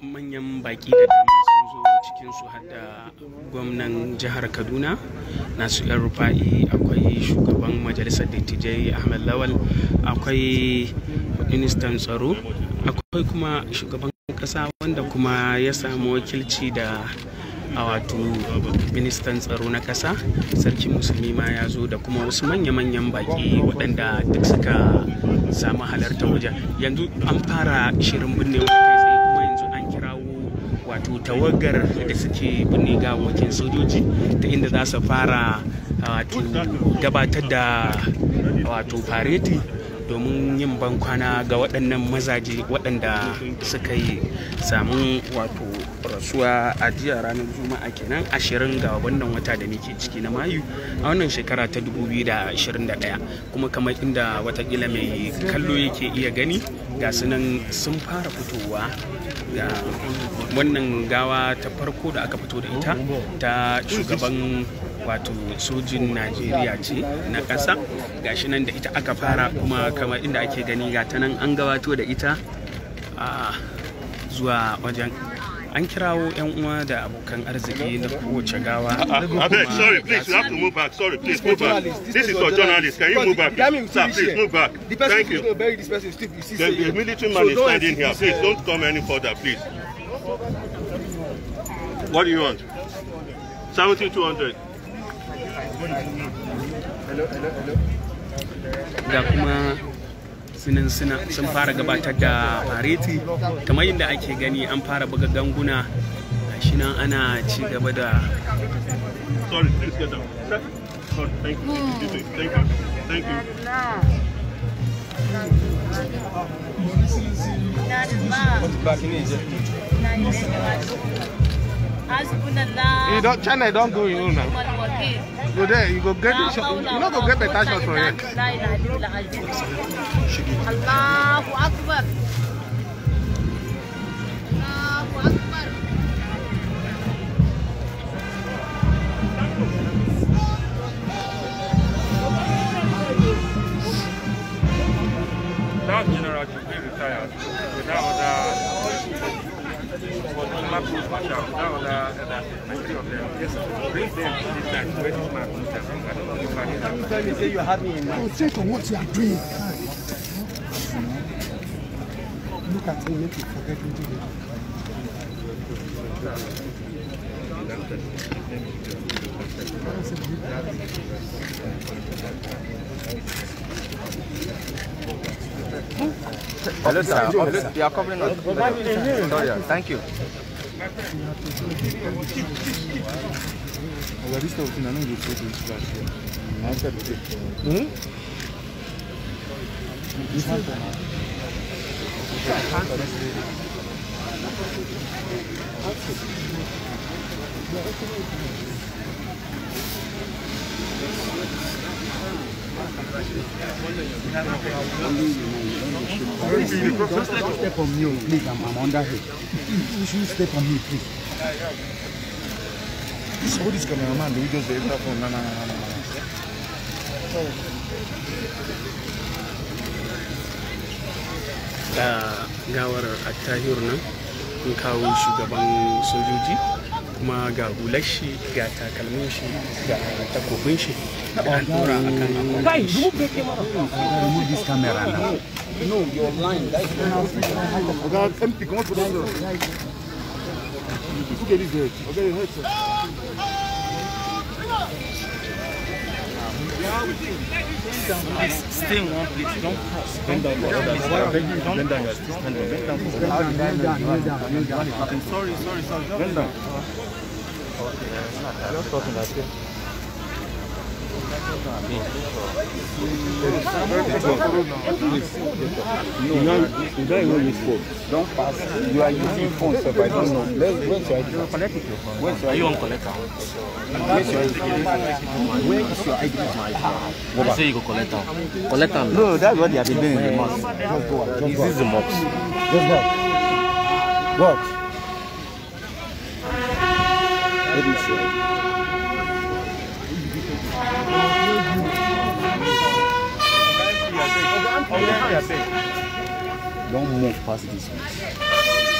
manyan baki da dama sun zo cikin su da gwamnan jihar kaduna nasu yan rufa'i akwai shugaban majalisar dattijai ahmed lawal akwai ministan tsaro akwai kuma shugaban kasa wanda kuma ya samu wakilci da a wato ministan tsaro na kasa sarki musulmi ma ya zo da kuma wasu manya-manyan baki waɗanda duk suka samu halarta wajen yanzu an fara shirin binne kai wato tawagar da suke binne ga wajen sojoji ta inda za su fara wato gabatar da wato fareti domin yin bankwana ga waɗannan mazaje waɗanda suka yi samun wato rasuwa a jiya ranar juma'a kenan ashirin ga wannan wata da muke ciki na mayu a wannan shekara ta 2021 kuma kamar inda watakila mai kallo yake iya gani ga sunan sun fara fitowa ga wannan gawa ta farko da aka fito da ita ta shugaban wato sojin najeriya ce na ƙasa gashi nan da ita aka fara kuma kamar inda ake gani ga ta nan an gabato da ita ah, zuwa wajen an kirawo 'yan uwa da abokan arziki na kowace gawa ah, ah, sorry please you have to move back sorry please move back this is for journalists can you move back sir please move back thank you the military man is standing here please don't come any further please what do you want Seventy-two hundred. hello hello hello ga kuma sunan sun fara gabatar da fareti kamar yadda ake gani an fara buga ganguna gashi nan ana ci gaba da hmm. hmm. eh, China don't go you now. Go there, you go get the shot. You not go get better shots for here. Allahu Akbar. Akbar. That general should be retired without other. Concentrate on what you are doing. Look at me, make you forget who you Hello, sir. You are covering us. Sorry, thank you. Agora está usinando um grupo de inspiração. Não está bem. Hum? Isso é bom. Don't step on me, please. I'm, I'm under here. You should step on me, please. So this cameraman, do we just deliver from? No, no, no, no, no. Da gawar attahir nan, in kawo shugaban sojoji, kuma ga hular shi, ga takalmin shi, ga takobin shi. Guys, remove this camera now. No, you're blind. That's empty. Come on, put on the. Okay, this way. Okay, this way. Stay in one place, don't cross. Bend down. Bend down. Bend down. Bend down. Sorry, sorry, sorry. Bend down. Just talking like this. You don't even use phone. Don't pass. You are using phone, sir, but I don't know. Where, where's your ID? Collect it. your ID? You won't collect am. Where's your ID? Where is your ID? I say you go collect collector. Collect No, that's what they have been doing in the mosque. Just go out. Just go out. Is the mosque? Just go out. Go out. Let me see. Don't move past this one.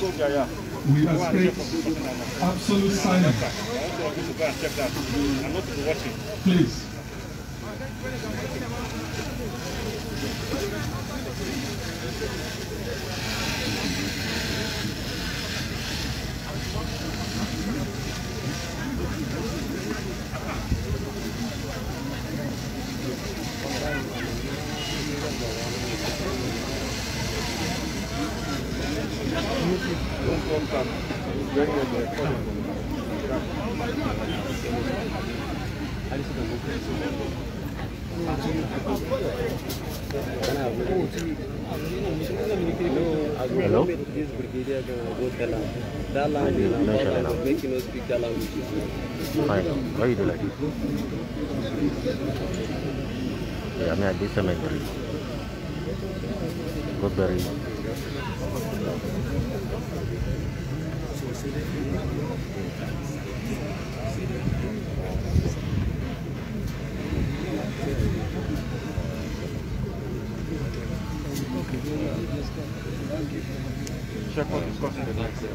school guy. はいガイドラリ يعني قد ايه ثمن كوبري Check what is costing the next year.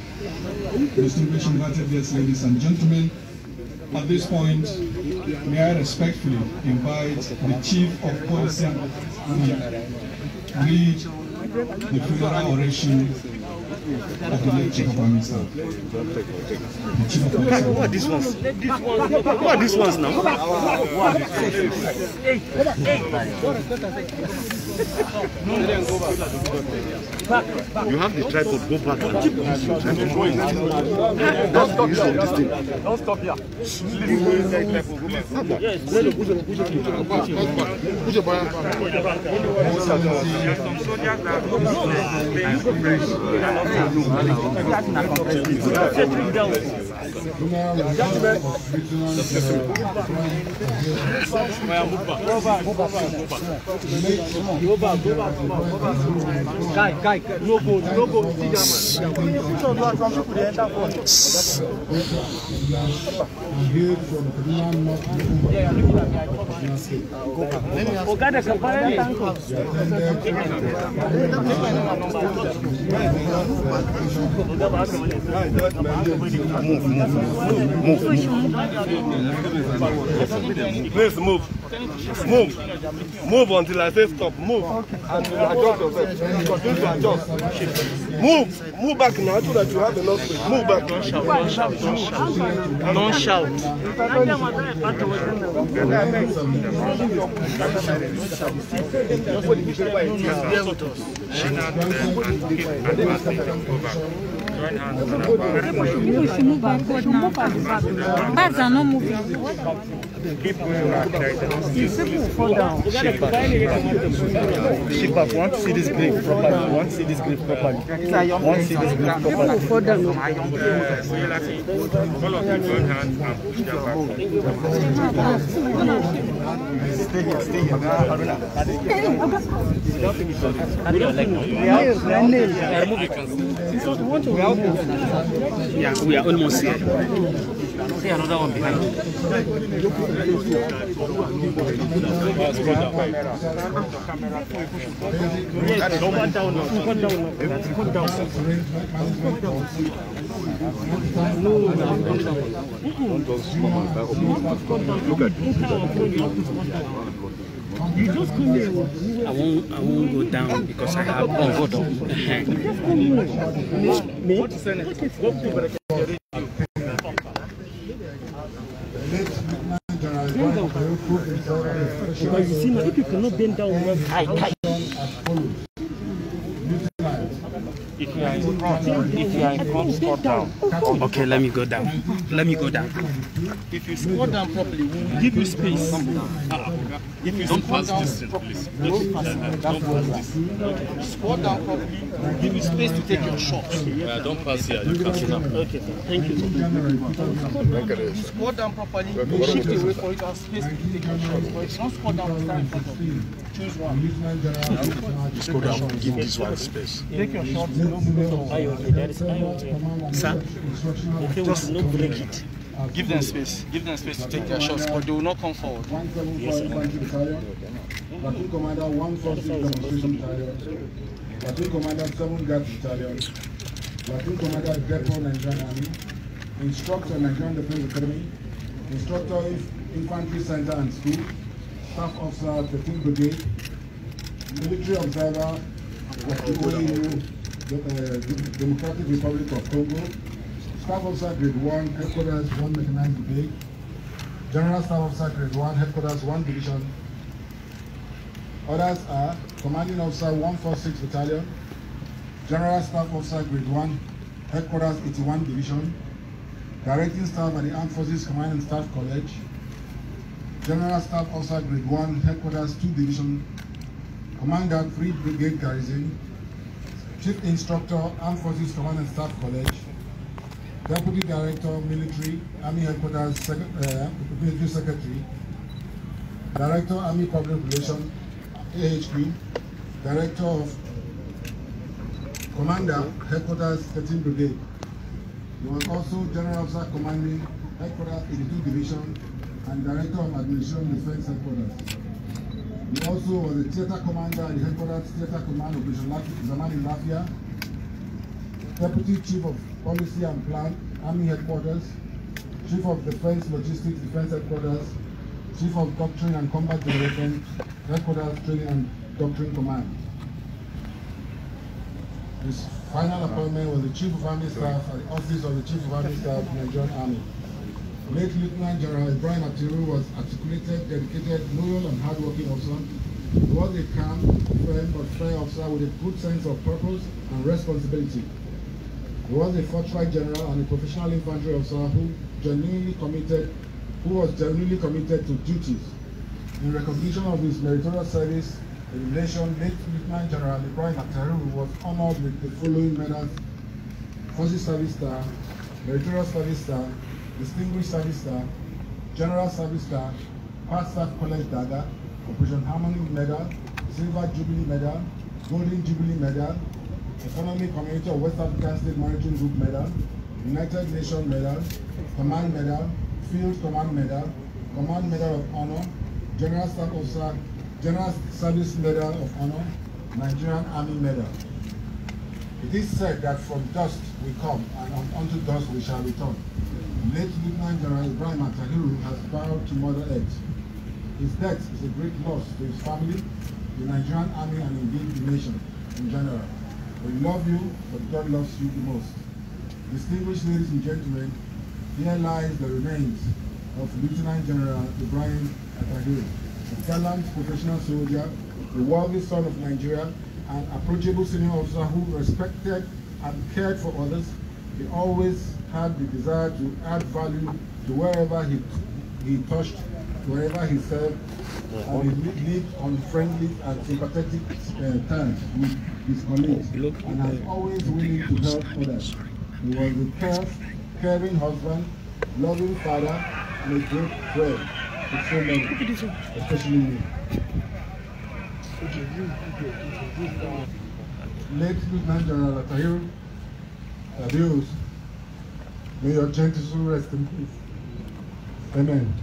Distinguished invited guests, ladies and gentlemen, at this point, may I respectfully invite the Chief of Police to read the funeral oration What are these ones? What are these ones now? You have the tripod, go back and keep this tripod. Don't stop here. Don't stop here. Yes, let it push it, push it, push it. Push it, boy. Some soldiers are fresh. They are Thank you. Gentlemen, go back, go back, go back. Guy, guy, no go, no go, see that man. You put on glass, some people they enter for. Yeah, look at me, I come back. Go back. Oh, God, there's a party. Move, move move, move, Please move. Move. Move until I say stop. Move. And you adjust yourself. Continue to adjust. Move. Move back now I so that you have enough space. Move back. Don't shout. Don't shout. Don't shout. Don't shout. Share with us. Share and take advantage and go back. Baza no moving. Keep going back right now. She back. Want to see this grave properly. Want to see this grave properly. Want to see this grave properly. People fall down. All of you join hands and push their back. Stay here, stay here. Haruna. Stay here. Remove it. now. Yeah, we are almost here. See another one behind. Yes, go down. Look at You just come here. I won't. I won't go down because I have. Oh, go down. you just come here. What is it? What is it? Bend down. Because you see now, if cannot bend down, I, I, If you are in front, if you are in front, squat down. Okay, let me go down. Let me go down. If you squat down properly, we'll give you space. If you don't pass down this, please. Don't pass, don't pass this. Squat down properly, we'll give you space to take your shots. Yeah, don't pass here. You pass now. Okay, thank you. you Squat down properly, we'll shift away for it, space to take your shots. But it's not squat down, stand in front of you. Choose one. Just go down, give this one space. Take your shots. Sir? Just no break it. Give them space. Give them space to take their shots, but they will not come forward. Yes, Commander 146 Demonstration Battalion. Platoon Commander 7 Guard Battalion. Platoon Commander Depot Nigerian Army. Instructor Nigerian Defense Academy. Instructor Infantry Center and School. Staff Officer 13 Brigade. Military Observer of the OAU. Eh, Democratic Republic of Congo, Staff Officer Grade 1, Headquarters 1 Mechanized Brigade, General Staff Officer Grade 1, Headquarters 1 Division. Others are Commanding Officer 146 Battalion, General Staff Officer Grade 1, Headquarters 81 Division, Directing Staff at the Armed Forces Command and Staff College, General Staff Officer Grade 1, Headquarters 2 Division, Commander 3 Brigade Garrison, Chief Instructor, Armed Forces Command and Staff College, Deputy Director, Military, Army Headquarters, Sec uh, Military Secretary, Director, Army Public Relations, AHP, Director of Commander, Headquarters, 13th Brigade. He was also General Officer Commanding, Headquarters, 82 Division, and Director of Administration Defense Headquarters. He also was the theater commander at the headquarters theater command of commander in Latvia, deputy chief of policy and plan, army headquarters, chief of defense logistics defense headquarters, chief of doctrine and combat generation, headquarters training and doctrine command. His final appointment was the chief of army staff at uh, the office of the chief of army staff, Nigerian Army. Late Lieutenant General Ibrahim Atiru was articulated, dedicated, loyal, and hardworking officer. He was a calm, firm, but fair officer with a good sense of purpose and responsibility. He was a forthright general and a professional infantry officer who genuinely committed, who was genuinely committed to duties. In recognition of his meritorious service, the late Lieutenant General Ibrahim Atiru was honored with the following medals, Forces Service Star, Meritorious Service Star, Distinguished Service Star, General Service Star, Past Staff College Dagger, Operation Harmony Medal, Silver Jubilee Medal, Golden Jubilee Medal, Economic Community of West Africa State Managing Group Medal, United Nations Medal, Command Medal, Field Command Medal, Command Medal of Honor, General Staff Officer, General Service Medal of Honor, Nigerian Army Medal. It is said that from dust we come and unto dust we shall return. Late Lieutenant General Ibrahim Atahiru has bowed to Mother Earth. His death is a great loss to his family, the Nigerian army, and indeed the nation in general. We love you, but God loves you the most. Distinguished ladies and gentlemen, here lies the remains of Lieutenant General Ibrahim Atahiru, a gallant professional soldier, a worthy son of Nigeria, an approachable senior officer who respected and cared for others. He always had the desire to add value to wherever he, he touched, wherever he served, and he lived on friendly and sympathetic uh, terms with his colleagues and was always willing to help others. He was a first, caring husband, loving father, and a great friend to so many, especially me. General May your gentle soul rest in peace. Amen.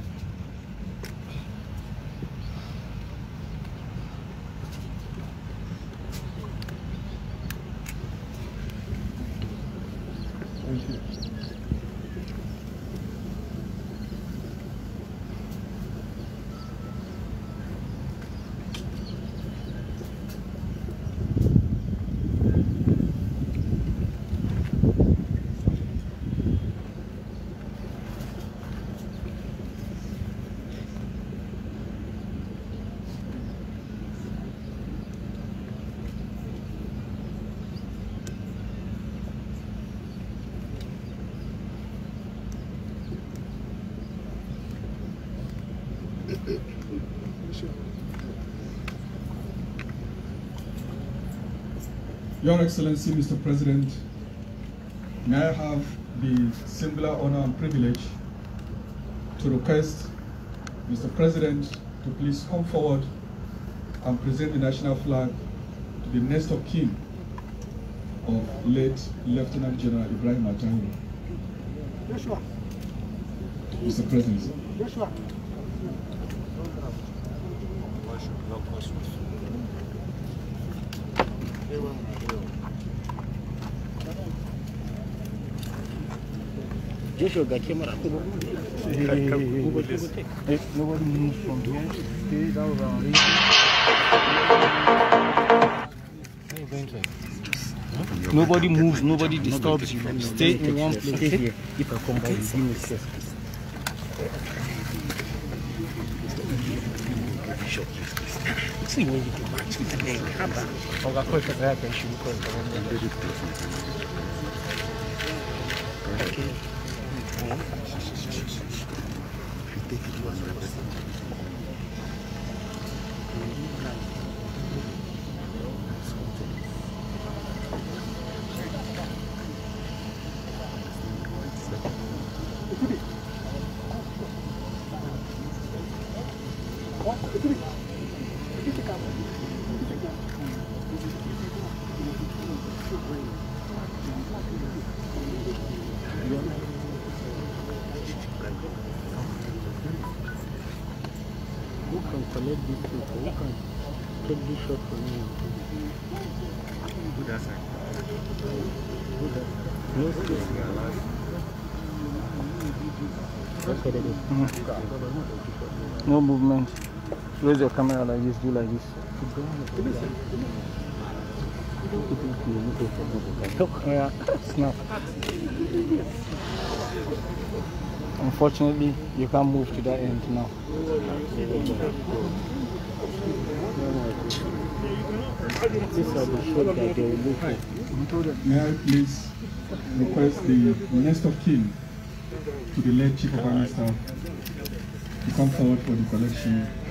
Your Excellency, Mr. President, may I have the singular honor and privilege to request Mr. President to please come forward and present the national flag to the next of kin of late Lieutenant General Ibrahim Yes, Joshua. Mr. President. Joshua. sir. Joshua got camera. Nobody moves from here. Stays out around here. Hey, Benson. Nobody moves, nobody disturbs you. Stay in one place. Stay here. If I come by, give me space. Sim, ele bate também, acaba. Alguma coisa que a gente não pode fazer. Aqui. பண்ணணும் close your camera like this, do like this. yeah, snap. Unfortunately, you can't move to that end now. the May I please request the next of kin to the late Chief of Army Staff to come forward for the collection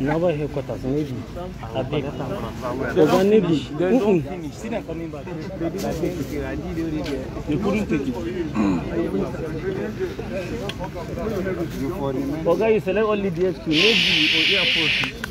Nova headquarters, Navy. They don't Navy. They don't finish. See them coming back. They didn't take it. They couldn't take it. Oga, you select only DHQ, Navy or airport.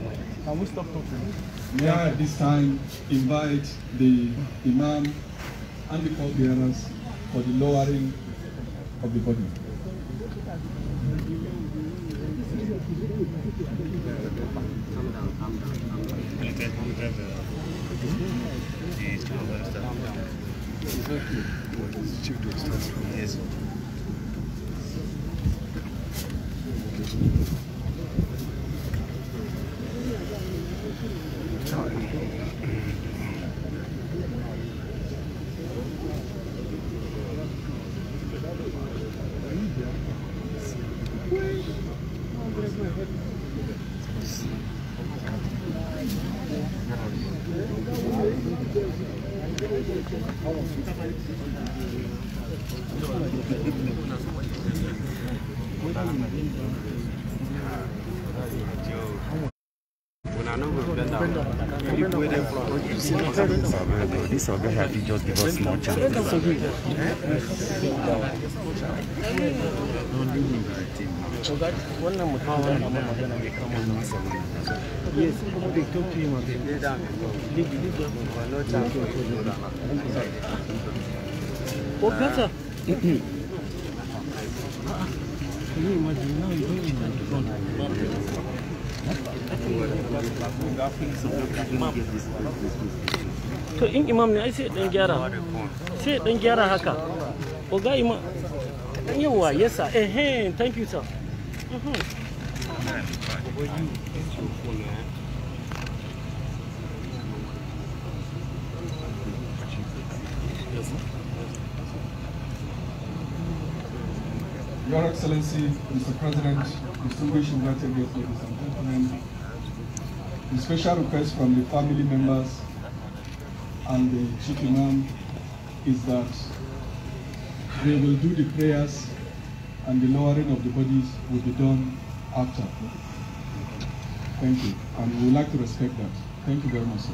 Can we stop talking? May I at this time invite the Imam and the court bearers for the lowering of the body. This Oga very happy. just give us more chances. Yes, they talk to him about it. Oh, better. Can you imagine now you the to in imam ne ai sai dan gyara sai dan gyara haka ga imam dan yawa yes sir eh thank you sir mm Your Excellency, Mr. President, distinguished invited guests, ladies and gentlemen, the special request from the family members and the chief imam is that they will do the prayers and the lowering of the bodies will be done after. Thank you, and we would like to respect that. Thank you very much, sir.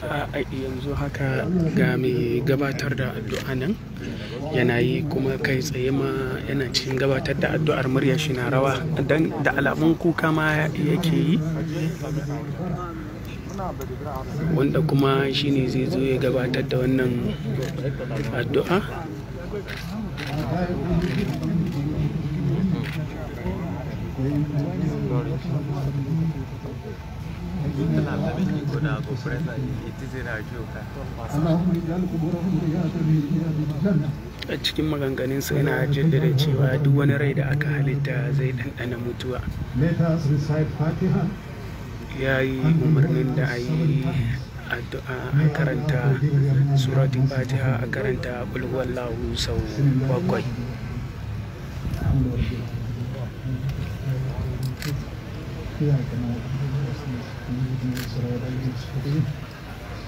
yanzu haka ga mai gabatar da addu'a nan yana yi kuma kai tsaye ma yana cikin gabatar da addu'ar murya shi na rawa don da alamun kuka ma yake yi wanda kuma shine zai zo ya gabatar da wannan addu'a a cikin maganganunsa yana jaddada cewa duk wani rai da aka halitta zai ɗanɗana mutuwa ya yi umarnin da a yi addu'a a karanta suratun fatiha a karanta lahu sau bakwai اهدنا صراط المستقيم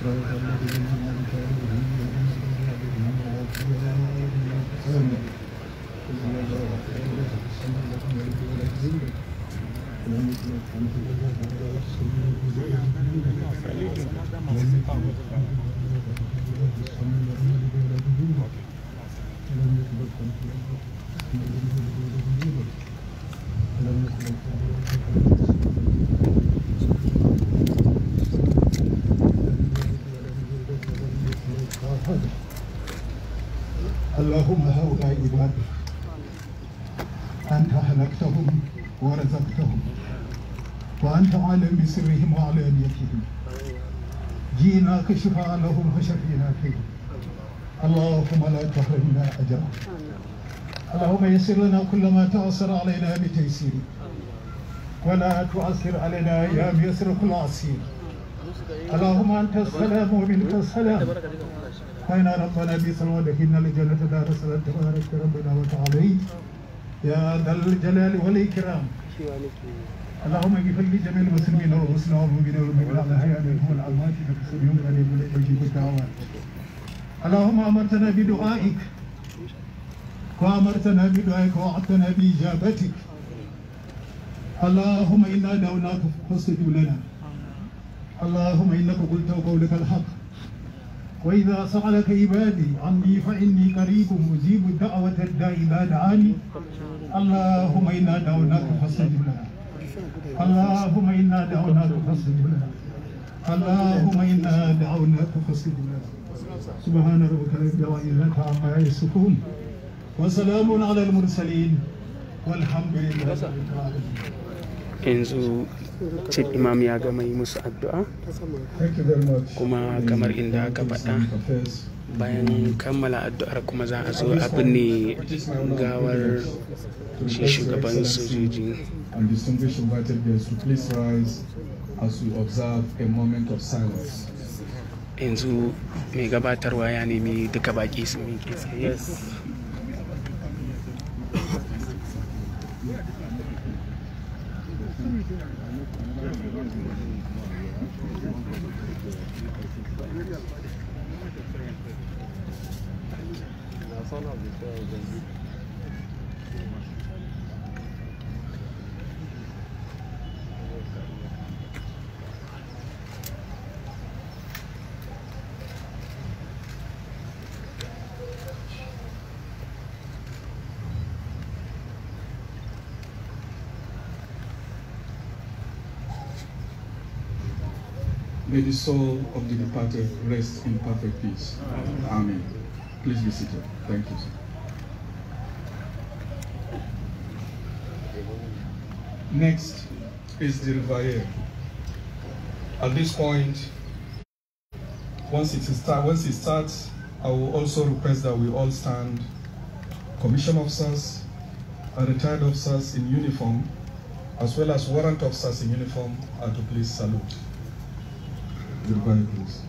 صراط الذين انعمت عليهم غير المغضوب عليهم Thank you. ورزقتهم وأنت عالم بسرهم وعلانيتهم جيناك شفاء لهم وشفينا فيهم اللهم لا تحرمنا أجرهم اللهم يسر لنا كل ما تعسر علينا بتيسير ولا تعسر علينا يا ميسر كل عسير اللهم أنت السلام ومنك السلام فإن ربنا بصلاة إن الجنة دار سلام تبارك ربنا وتعالى يا ذا الجلال والإكرام اللهم اغفر لجميع المسلمين والمسلمين والمؤمنين والمؤمنين على حياة منهم الأموات غني من أجيب الدعوات اللهم أمرتنا بدعائك وأمرتنا بدعائك ووعدتنا بإجابتك اللهم إنا دعوناك فاستجب لنا اللهم إنك قلت قولك الحق وإذا سألك عبادي عني فإني قريب مجيب الدعوة الداء إذا دعاني اللهم إنا دعوناك فاستجب لنا اللهم إنا دعوناك فاستجب لنا اللهم إنا دعوناك فاستجب لنا سبحان ربك رب العزة عما يصفون وسلام على المرسلين والحمد لله رب العالمين cin imam ya gama yi musu addu'a kuma kamar inda aka faɗa bayan kammala addu'ar kuma za a zo a binne gawar shi shugaban sojoji yanzu mai gabatarwa ya nemi duka baki su miƙe tsaye That's all of this. May the soul of the departed rest in perfect peace. Amen. Please be seated. Thank you, sir. Next is the Riviere. At this point, once it, start, once it starts, I will also request that we all stand, commission officers and retired officers in uniform, as well as warrant officers in uniform, are to please salute the Vikings.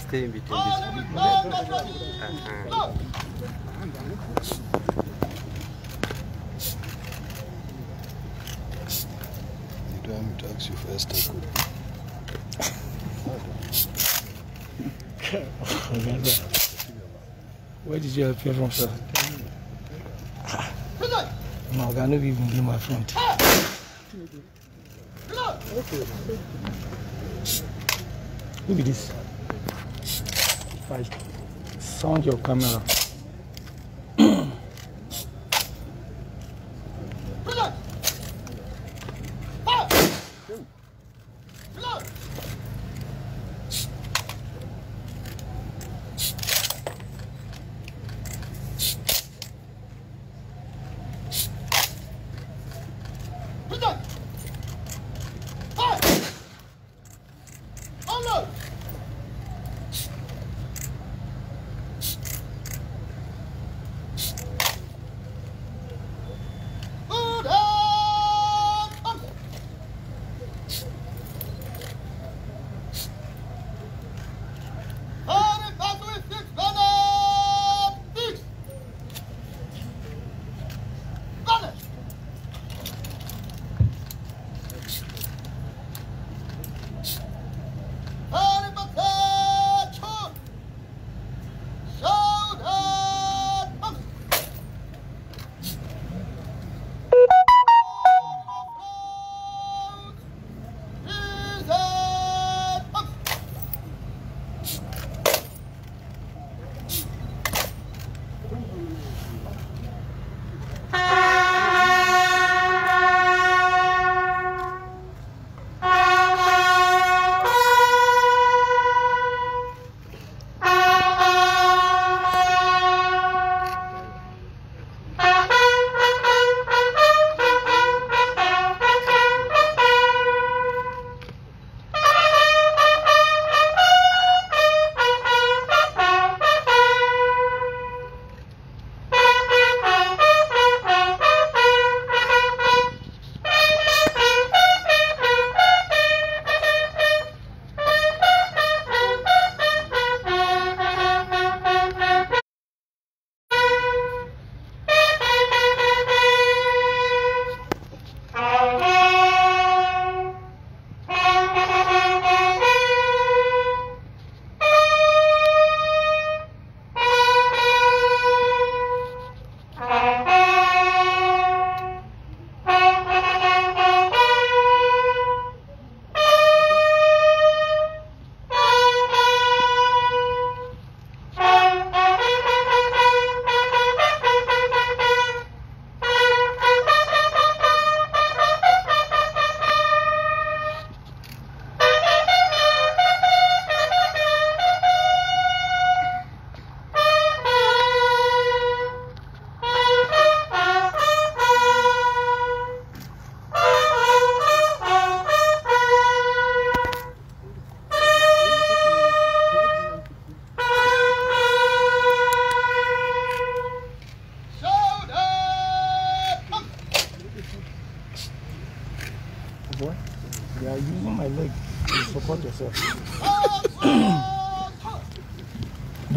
Stay in between this. Uh Let's take where did you appear from, sir? No, I cannot even be my friend. Okay. Look at this. If I sound your camera.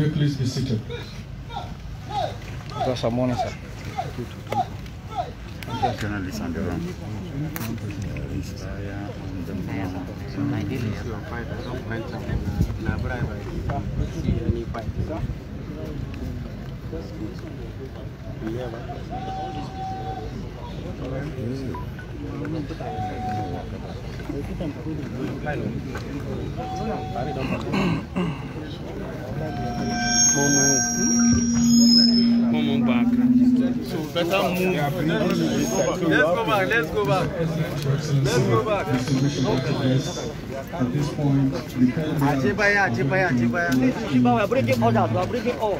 may please be seated. Sasa muone sasa. Mm. vamos vamos back. So better move. Let's go back. Let's go back. Let's go back. At this point, Ajibaya, Ajibaya, Ajibaya. Ajibaya, bring it all vamos Bring it all.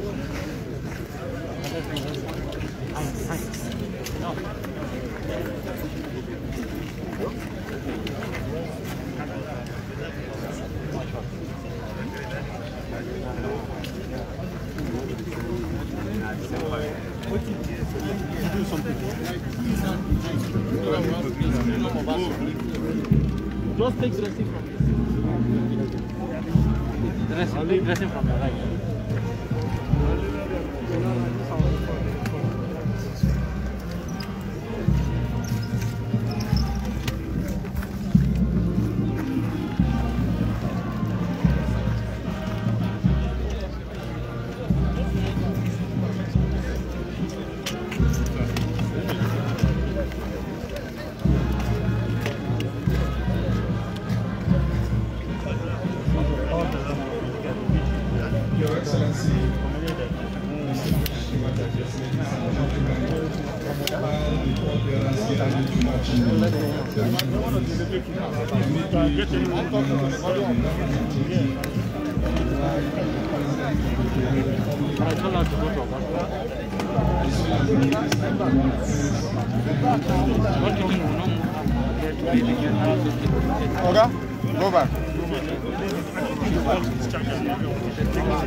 Just take dressing from this. Dressing, take dressing from the right.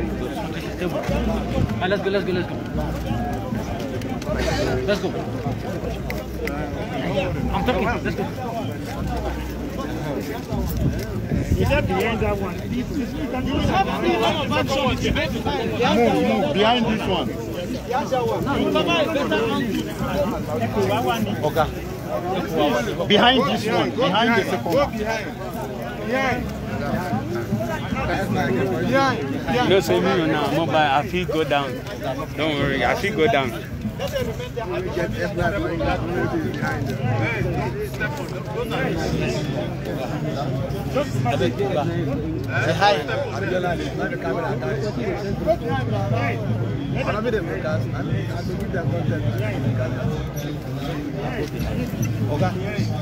Uh, let's go, let's go, let's go. Let's go. I'm talking, let's go. Is that behind that one. Move, move! behind this one. Okay. Behind this one. Behind this one. Behind. Behind. No, say me now, mobile, I feel go down. Don't worry, I feel go down. hi. Okay.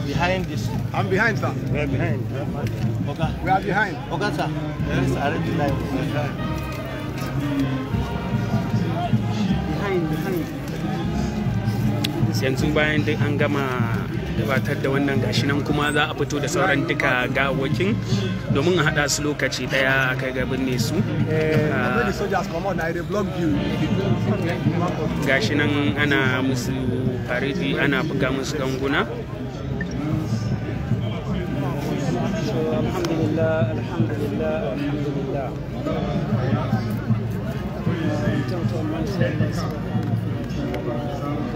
Behind this. I'm behind, sir. We are behind. Okay. We are behind. Okay, sir. Let's arrange the line. Behind, behind. Yang sumbang ang gama. gabatar da wannan gashi nan kuma za a fito da sauran duka wakin domin a haɗa su lokaci ɗaya a kai gabin ne su ah, gashi nan ana musu faridi ana buga musu ganguna alhamdulillah alhamdulillah alhamdulillah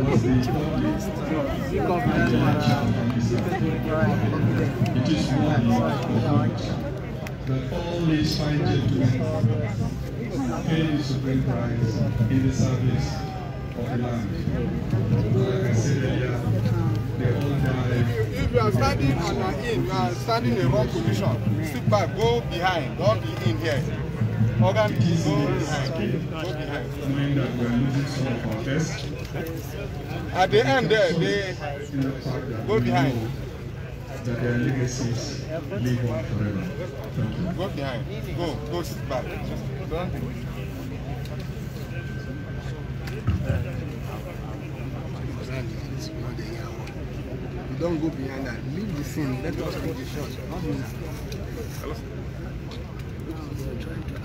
It is that all these fine gentlemen pay the supreme price in the service of the land. Like I said earlier, they all died if you are standing and are in, you are standing in the wrong position. Sit back, go behind, don't be in here organ piece. At the end there, they go behind. That their legacies live on forever. Thank you. Go behind. Go, go sit back. Don't Don't go behind that. Leave the scene. Let us take the shot. Not now.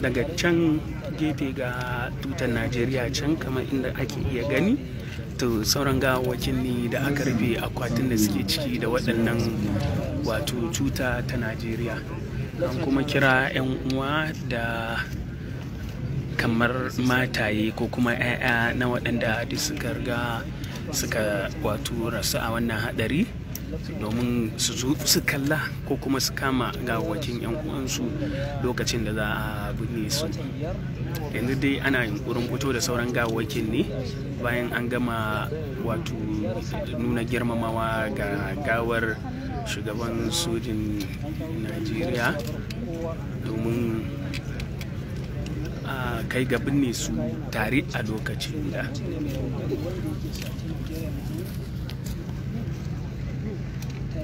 daga can gefe ga tutar najeriya can kamar inda ake iya gani to sauran gawawakin ne da aka rufe akwatin da suke ciki da waɗannan wato tuta ta najeriya an kuma kira 'yan uwa da kamar mataye ko kuma 'ya'ya na waɗanda duk suka riga suka wato rasu a wannan haɗari domin su su kalla ko kuma su kama gawakin 'yan uwansu lokacin da za a binne su yanzu dai ana yunkurin fito da sauran gawakin ne bayan an gama wato nuna girmamawa ga gawar shugaban sojin najeriya domin a kai ga binne su tare a lokacin da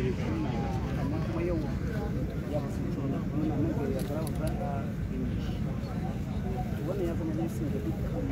amma yau ya kasance muna nan da ya fara wannan ya zama nesin da dukkan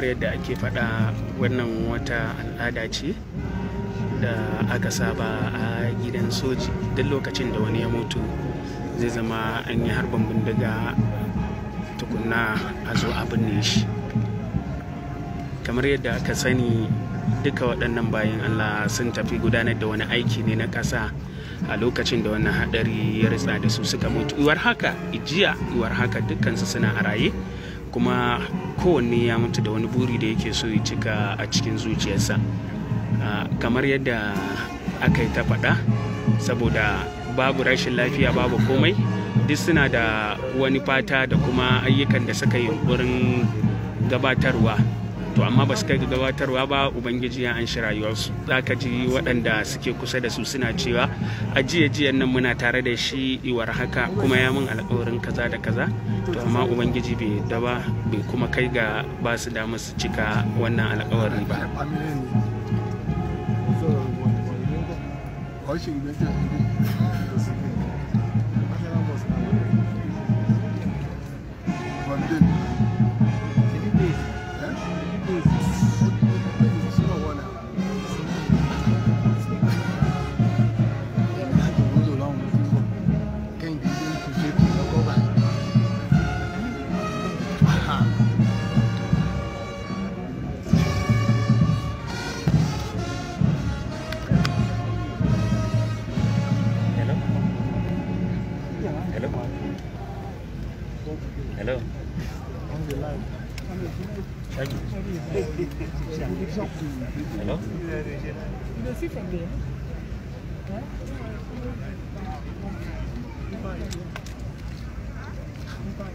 kamar yadda ake faɗa wannan wata al'ada ce da aka saba a gidan soji duk lokacin da wani ya mutu zai zama an yi harbin bindiga tukunna a zo a binne shi kamar yadda aka sani duka waɗannan bayan allah sun tafi gudanar da wani aiki ne na ƙasa a lokacin da wannan haɗari ya ritsa da su suka mutu iwar haka ijiya iwar haka dukkansu suna a raye kuma kowanne ya mutu da wani buri da yake so ya cika a cikin zuciyarsa ah, kamar yadda aka yi ta faɗa saboda babu rashin lafiya babu komai duk suna da wani fata da kuma ayyukan da suka yi gabatarwa to amma ba su kai gabatarwa ba ubangiji ya anshi rayuwarsu za ka ji waɗanda suke kusa da su suna cewa a jiya jiyan nan muna tare da shi iwar haka kuma ya mun alƙawarin kaza da kaza to amma ubangiji bai daba bai kuma kai ga ba su damar su cika wannan alƙawari ba